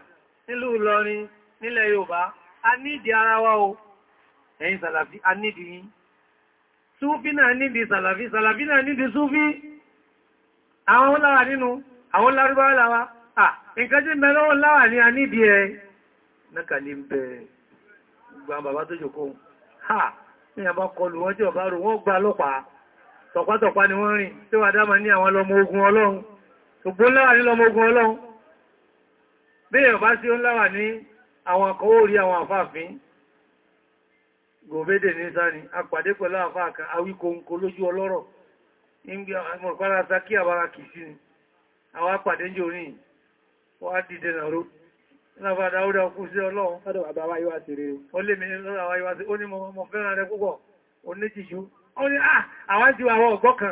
nílùú Ìlọrin nílẹ̀ Yorùbá a nídi ara wa o ẹ̀yin sàlàfí a nídi yín súfí náà nídi sàlàfí sàlàfí náà nídi súfí àwọn láwà nínú àwọn lárúbáwá láwá à nǹkan tí mẹ́lọ́wọ́ láwà ní a nídi ẹ náà ní bẹ gbà tó jòkó ha ní àbá kọlù wọ́n tí ọ̀bá tọ̀pátọ̀pá ni wọ́n rìn tí wà dáma ní àwọn ọlọ́mọ ogun Ọlọ́run gbogbo láwà ní lọmọ ogun ọlọ́run bí èèyàn bá sí ó láwà ní àwọn akọwò orí àwọn àfáàfin gòbédè ní sáni apàdé pẹ̀lú àfáà kan awíkóǹkó lójú ọlọ́rọ̀ níbi àmọ̀pára sákí àbára kìí sí ni àwọn apàdé jò ní wọ́n á dìde nàró lábàá dáúdá kú sí ọlọ́run ọdọ̀ bàbá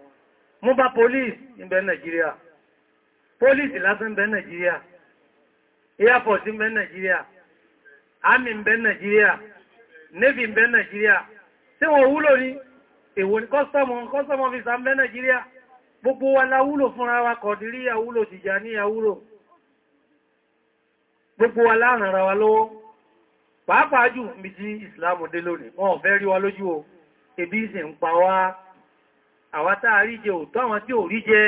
mobile police ń bẹ Nàìjíríà police lásán ń bẹ Nàìjíríà airport ń bẹ Nàìjíríà army ń bẹ Nàìjíríà navy ń bẹ Nàìjíríà tí wọ́n wúlò ní èwo ní custom custom officer ń bẹ Nàìjíríà gbogbo wa la wúlò fúnra wa kọ̀dìrí àwúlò Tìjàní àwúlò gbogbo wa láàrínra wa lọ́wọ́ pàápàá jù mi tí ìsìlámù dé lónìí wọn ò fẹ́ rí wa lójú o ebi sì ń pa wá àwátá àríjẹ òtọ́ àwọn tí ò ríjẹ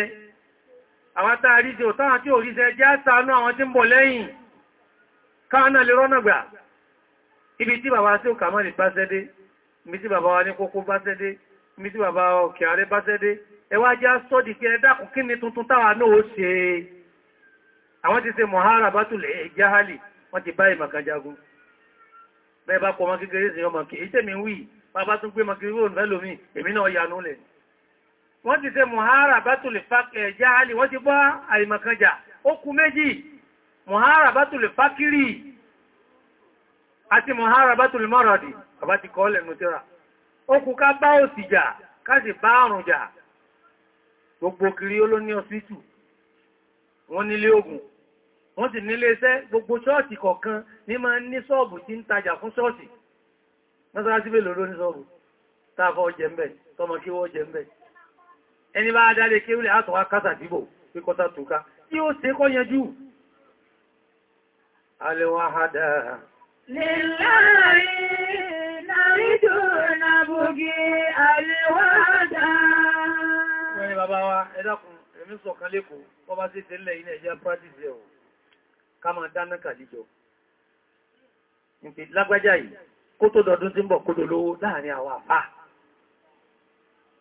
àwátá àríjẹ òtọ́ àwọn tí ò ríjẹ jẹ́ àtàánú àwọn tí ń bọ̀ lẹ́yìn káànà lè rọ́nà gbà ibi tí bàbá sí òkà mọ́lì bá sẹ́dé mi tí bàbá wa ní kókó bá sẹ́dé ibi tí bàbá òkè ààrẹ bá sẹ́dé ẹwà jẹ́ sọ́dì tuntun kékeré sí ọmọ wí bàbá tún gbé èmi náà wọ́n ti ṣe mọ̀hárà bátùlì ẹ̀já alì wọ́n ti bá àìmọ̀kanjà ó kú méjì mọ̀hárà bátùlì fákírì àti mọ̀hárà bátùlì mọ́rọ̀dì Ọba ti kọ́ lẹ́nu tíra ó kú ká bá òsì jà ká bá àrùn jà gbogbo kiri ó ló ní wọ́n nílé ogun wọ́n ti nílé iṣẹ́ gbogbo kọ̀ọ̀kan ní máa ní ní ẹni bá dáre kí orílẹ̀ àtọ̀wà kásà dìbò pé kọta tí ó ṣe kọ́ yanjú alẹ́wàhádà lẹ́láàrin nàrídò nàbògì alẹ́wàhádà wọ́n ni bàbá wa ẹ̀dàkùn yìí kó tó dọdún tí ń bọ̀ kó láàrin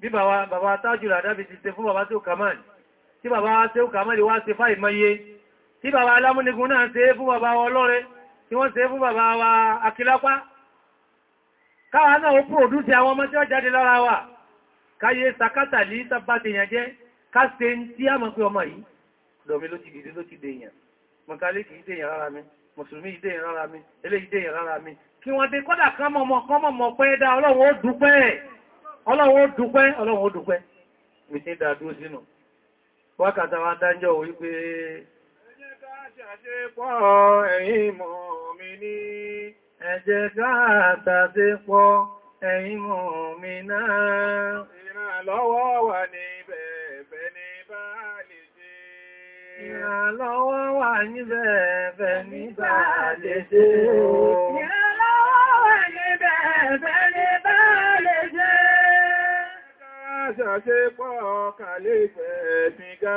bí bàbá tájùlọ àdábi ti ṣe fún bàbá tí ó kàmáàlì tí bàbá tí ó kàmáàlì wá ṣe fáì mọ́yé tí bàbá alámúnigun náà ṣe fún bàbá ọlọ́rẹ tí wọ́n ṣe fún bàbá wa akílápá káwa náà ó pòdúsí àwọn ọmọ tí ó jáde lára wa káyé sakátà lè sábà ti yàn jẹ́ ká ṣe ń tí a mọ̀ pé ọmọ yìí lọ́mí ló ti dìde ló ti dè yàn mọ̀kálé kìí dè yàn rárá mi mùsùlùmí ìdè yàn rárá mi eléyìí dè yàn rárá mi kí wọ́n dé kọ́dà kán Ọlọ́wọ́ ó dúpẹ́ ọlọ́run dúpẹ́ mi nọ. dàdúró sínú wákàtà wa dájọ́ wípé ẹ jẹ́ ká tàṣe pọ̀ ẹ̀yin mọ̀mìnà ìrànlọ́wọ́ ìrànlọ́wọ́ wà ní bẹ̀ẹ̀bẹ̀ ní bá lè ṣe ìrànlọ́wọ́ wà ní bẹ̀ẹ̀bẹ̀ ṣàṣepọ̀ kàlẹ́gbẹ̀ẹ́ ti ga.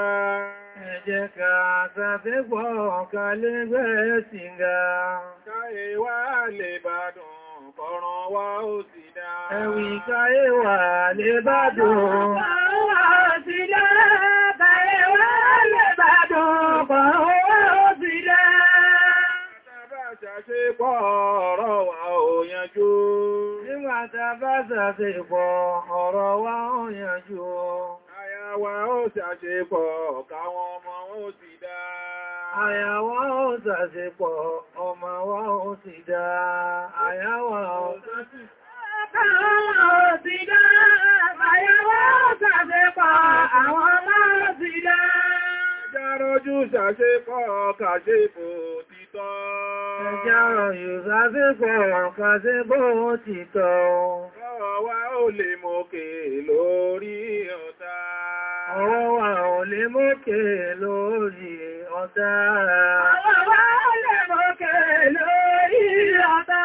Ẹ jẹ́ ká ṣàṣepọ̀ kàlẹ́gbẹ̀ẹ́ ti ga. Káyé wá lè bàdùn kọ̀ràn wá ó sì dá. Ẹ̀wì káyé wá lè bàdùn kọ̀ràn ó sì dá. Káyé wá ó sì wa ò àtàbátà ti pọ̀ ọ̀rọ̀ wa ó yànjú ọ. Àyàwà ó ṣàṣepọ̀ káwọn ọmọ ó sì dá. Àyàwà ó ṣàṣepọ̀ ọmọ wa ó sì dá. Àyàwà ó ṣàṣepọ̀ káwọn àwọn ọmọ ó sì dá. Ẹjá rojú ṣàṣepọ̀ kàṣepọ̀ tọ́. Ẹjọ́rọ̀ Yorùbá sí fọ̀rọ̀ kan sí bóhun ti tọ́. Ọ̀rọ̀ wa ò lè mókè lórí ọ̀tá. Ọ̀rọ̀ wa ò lè mókè lórí ọ̀tá. Ọ̀rọ̀ wa ò lè mókè lórí ọ̀tá.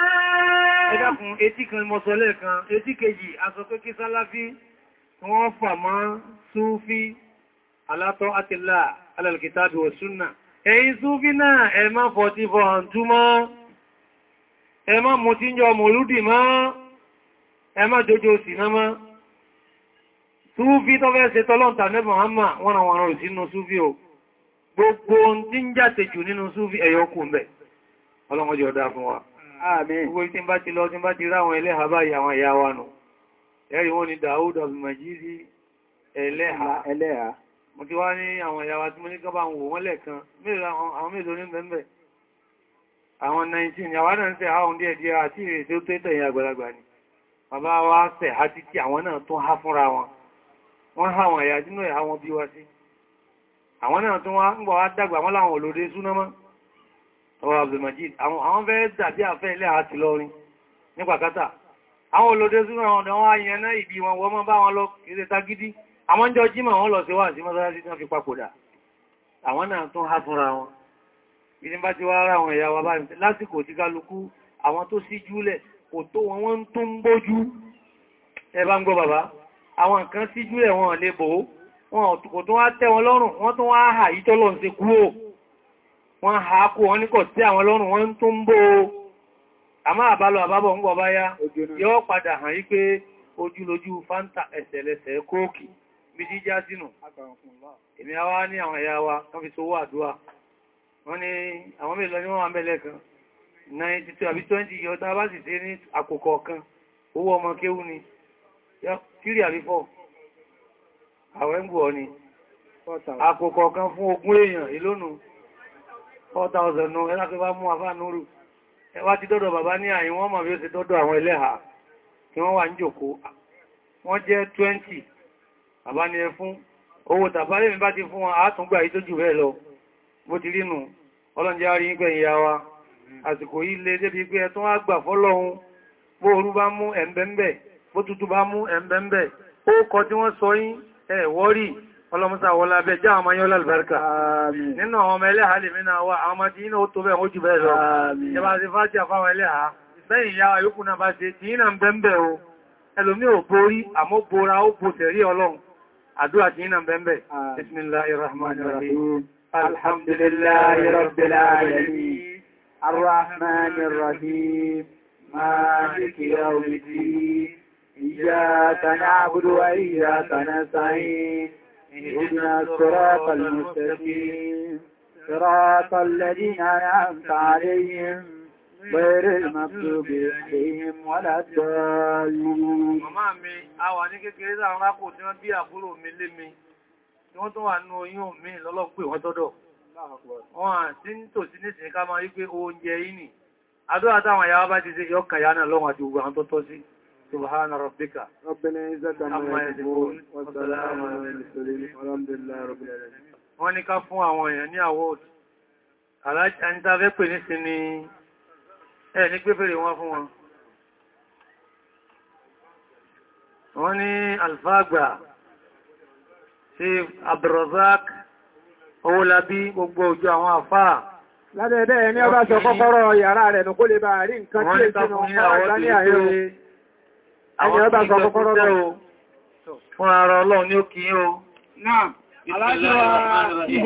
Ẹ dákun, etí kan mọ́ sọ lẹ́ẹ̀kan, etí kejì, aṣọ pé kí Sálàfí, wọ́n fà mọ́ Súfí, alátọ́ àtìlá, alàlùkìtàbí wa súnnà. eyi sufi náà ẹ má fọ́tí fọ́hàntú mọ́ ẹ má mú tí ń jọ mọ̀lúdì mọ́ ẹ má jójó sí náà mọ́ súnfí tó fẹ́ ṣe tọ́lọ́ntà nẹ́bọ̀ gbogbo tí ń jáde jù nínú súnfí ẹ̀yọkù mẹ́ ọlọ́mọdé ọ̀dá fún wa gbogbo tí ń lọ tí ń bá ti ẹlẹ́ha ẹlẹ́ha mo ti wá ní àwọn ìyàwó tí mo ní kọ́bà wò wọ́n lẹ́ẹ̀kan àwọn mélòó ní mẹ́mẹ́ àwọn 19 ìyàwó náà ń tẹ́ àwọn díẹ̀ díẹ̀ àti ìrètí ó tẹ́ tẹ̀yìn àgbàlagbà ni bàbá wa sẹ̀ àti tí àwọn náà tó há fúnra wọn wọ́n há àwọn ìyà dínú ìhá wọn bí wá sí àwọn àwọn jọ jímọ̀ wọ́n lọ sí wà sí mọ́sálásí tí wọ́n fi papòdà àwọn náà tún há fúnra wọn ìdí bá ti wá ara àwọn ẹ̀yà wa bá lásìkò tí kálukú àwọn tó sí júlẹ̀ kò tó wọn wọ́n tó ń bójú ẹ bá ń gbọ́ bàbá àwọn kan sí júlẹ̀ wọn lè bò wọn kò tó wá tẹ́ wọn lọ́rùn wọ́n tó wá hà bí tí já sínú èmi a wá ní àwọn ẹ̀yà wa tán fi sówó àdúwà wọ́n ní àwọn mẹ́lọ ní wọ́n wà mẹ́lẹ̀ kan 92 àbí 20 yọ tá bá sì sí ní àkókò kan owó ọmọ kéwú ni tírí àbí fọ́ àwẹ́ ń gbọ́ ni àkókò kan fún ogún èèyàn ìlónù 4,000 nù ẹlápẹ́ bá mú afá núrù ẹwà ti dọ́dọ̀ bàbá ní àyíwọ́n mọ̀ bí ó ti dọ́dọ̀ àwọn ẹlẹ́hà tí àbá ní ẹ fún owó tàbálẹ̀ mi bá ti fún wọn àátúngbà yìí tó jù rẹ̀ lọ bó ti rínú ọlọ́njẹ́ rí pẹ̀ ìyá wa àsìkò yìí lè débi pé ẹ tún wá gbà fọ́lọ́hun bó orú bá mú ẹ̀m̀bẹ̀m̀bẹ̀ bó tutù bá mú ẹ̀m̀bẹ̀m̀bẹ̀ ó kọ tí wọ́n sọ yín ẹ wọ́rí ọlọ́mọsá wọlá bẹ já àwọn ayọ́lá albarka nínú àwọn ọmọ ẹlẹ́ha lè mínà wá àwọn ọmọdé iná ó tó bẹ́ẹ̀ ó jù bẹ́ẹ̀ lọ ẹbá ti fàájì àfáwọn ẹlẹ́ha bẹ́yìn ìyá yókù náà bá ṣe tí iná ń bẹ́ẹ̀ o ẹlòmí ò borí àmọ́ bora ó bo tẹ̀rí ọlọ́run أدوها تينا بمبي بسم الله الرحمن الرحيم الحمد لله رب العالمين الرحمن الرحيم مالك يوم الدين إياك نعبد وإياك نستعين اهدنا الصراط المستقيم صراط الذين أنعمت عليهم غير المكتوب فيهم ولا الضالين Màmá mi, a wà ní kékeré láàrín rákò tí wọ́n bí àbúrò mi lé mi, tí wọ́n tó wà ní oyún mi lọ́lọ́pẹ́ wọ́n tọ́dọ̀. Wọ́n à tí ń tò sí nísìn ká máa wípé oúnjẹ yìí nì. Àdúrà táwọn àyàwó bá ti ṣe yọ́kà yánà lọ́wọ́n àti gbogbo àwọn tó tọ́ sí. Subhana rabbika. Rabbina izzati amma yasifun wa salamun ala al-mursalin walhamdulillahi rabbil alamin. Wọ́n ní ká Àlájá ń tafẹ́ pè ní sí ni ẹ̀ ní gbébèrè wọn fún wọn wọ́n ní alfagba sí abdurrazak owólabí gbogbo òjò àwọn àfáà ládẹ́ẹ̀dẹ́ ẹni ọba sọ kọ́kọ́rọ́ yàrá rẹ̀ nù kó lè bá rí nǹkan tí èsì nù Àwọn ọba sọ kọ́kọ́rọ́ rẹ̀ o, fún ara Ọlọ́run ní ó kìí o. Náà, alájọ́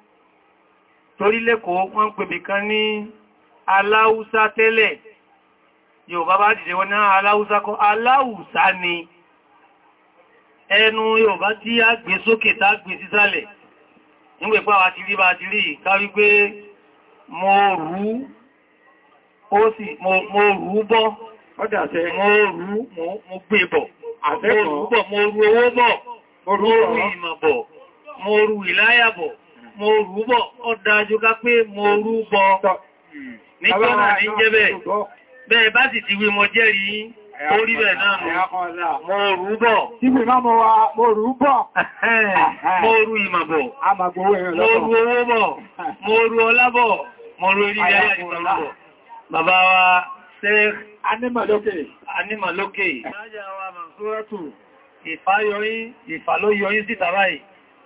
torí lẹ́kọ̀ọ́ wọ́n ń pèbì kan ní aláhúsá tẹ́lẹ̀ Yorùbá bá dìde wọ́n ní ah, aláhúsá kọ́ aláhúsá ni ẹnu Yorùbá tí a gbé sókè tá gbé sísàlẹ̀ nígbèpá wa ti rí bá ti rí ká wípé mo rú ó sì mo rú bọ́ mo rú mo gbé bọ̀ mo rú owó bọ̀ mo rú ìmọ̀ bọ̀ mo rú ìláyà bọ̀ mo rúbọ̀ ó dájú ká pé mo rúbọ̀ nígbọ́nà ní jẹ́bẹ̀ bẹ́ẹ̀ bá sì ti wí mo jẹ́rìí orí bẹ̀ náà mo rúbọ̀ mo rúbọ̀ mo rú ìmàbọ̀ mo rú owó bọ̀ mo rú ọlábọ̀ mo rú orí ayé ìsọ̀rọ̀ bàbá wa Sheikh Anímàlókè Anímàlókè ìfáyọyí sí tàbáyìí